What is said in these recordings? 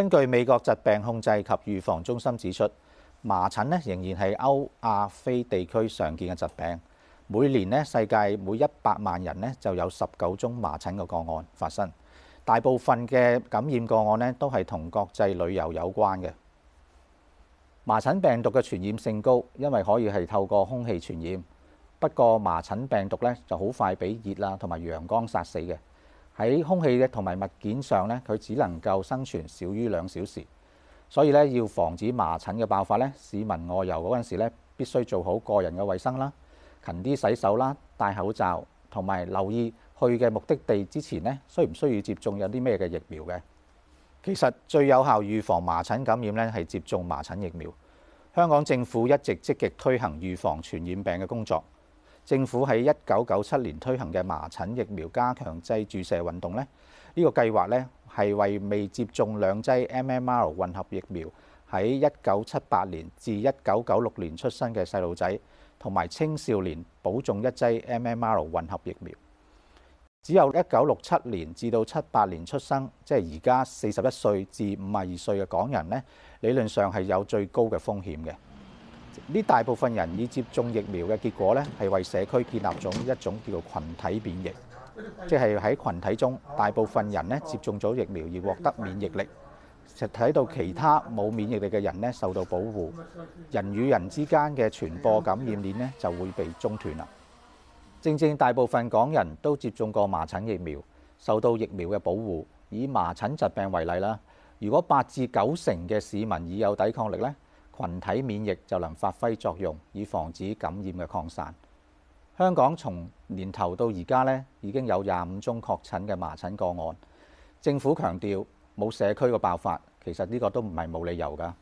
根據美國疾病控制及預防中心指出，麻疹呢仍然係歐亞非地區常見嘅疾病。每年呢世界每一百萬人呢就有十九宗麻疹嘅個案發生。大部分嘅感染個案呢都係同國際旅遊有關嘅。麻疹病毒嘅傳染性高，因為可以係透過空氣傳染。不過麻疹病毒呢就好快俾熱啦同埋陽光殺死嘅。喺空氣嘅同埋物件上呢，佢只能夠生存少於兩小時，所以咧，要防止麻疹嘅爆發呢，市民外遊嗰陣時呢必須做好個人嘅衛生啦，勤啲洗手啦，戴口罩同埋留意去嘅目的地之前呢，需唔需要接種有啲咩嘅疫苗嘅？其實最有效預防麻疹感染呢，係接種麻疹疫苗。香港政府一直積極推行預防傳染病嘅工作。政府喺一九九七年推行嘅麻疹疫苗加強劑注射運動呢，呢個計劃呢係為未接種兩劑 MMR 混合疫苗喺一九七八年至一九九六年出生嘅細路仔同埋青少年補種一劑 MMR 混合疫苗。只有一九六七年至到七八年出生，即係而家四十一歲至五十二歲嘅港人呢，理論上係有最高嘅風險嘅。呢大部分人已接種疫苗嘅結果呢，係為社區建立咗一種叫做群體免疫，即係喺群體中大部分人呢接種咗疫苗而獲得免疫力，實睇到其他冇免疫力嘅人呢受到保護，人與人之間嘅傳播感染鏈呢就會被中斷啦。正正大部分港人都接種過麻疹疫苗，受到疫苗嘅保護。以麻疹疾病為例啦，如果八至九成嘅市民已有抵抗力咧，群體免疫就能發揮作用，以防止感染嘅擴散。香港從年頭到而家呢，已經有廿五宗確診嘅麻疹個案。政府強調冇社區嘅爆發，其實呢個都唔係冇理由㗎。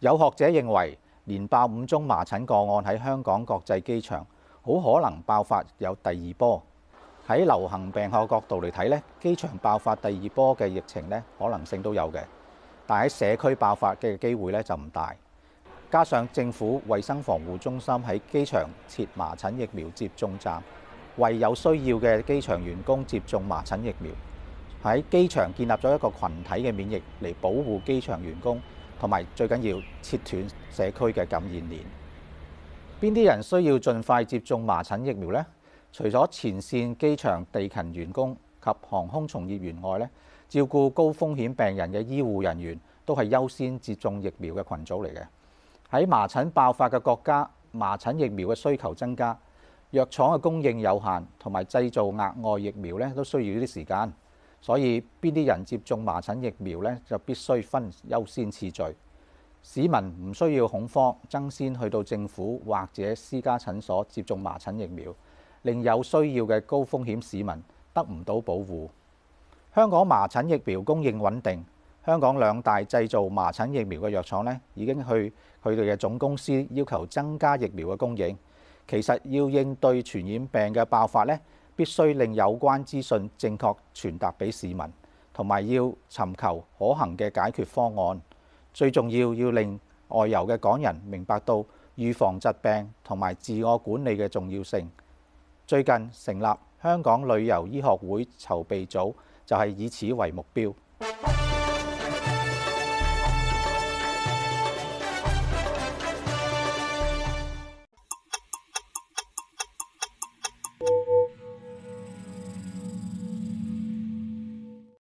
有學者認為，連爆五宗麻疹個案喺香港國際機場，好可能爆發有第二波。喺流行病學角度嚟睇呢，機場爆發第二波嘅疫情呢，可能性都有嘅。但喺社區爆發嘅機會咧就唔大，加上政府衛生防護中心喺機場設麻疹疫苗接種站，為有需要嘅機場員工接種麻疹疫苗，喺機場建立咗一個群體嘅免疫嚟保護機場員工，同埋最緊要切斷社區嘅感染鏈。邊啲人需要盡快接種麻疹疫苗呢？除咗前線機場地勤員工，及航空從業員外咧，照顧高風險病人嘅醫護人員都係優先接種疫苗嘅群組嚟嘅。喺麻疹爆發嘅國家，麻疹疫苗嘅需求增加，藥廠嘅供應有限，同埋製造額外疫苗咧都需要呢啲時間，所以邊啲人接種麻疹疫苗咧就必須分優先次序。市民唔需要恐慌，爭先去到政府或者私家診所接種麻疹疫苗，令有需要嘅高風險市民。得唔到保護，香港麻疹疫苗供應穩定。香港兩大製造麻疹疫苗嘅藥廠呢，已經去佢哋嘅總公司要求增加疫苗嘅供應。其實要應對傳染病嘅爆發呢，必須令有關資訊正確傳達俾市民，同埋要尋求可行嘅解決方案。最重要，要令外遊嘅港人明白到預防疾病同埋自我管理嘅重要性。最近成立，香港旅遊醫學會籌備組就係以此為目標。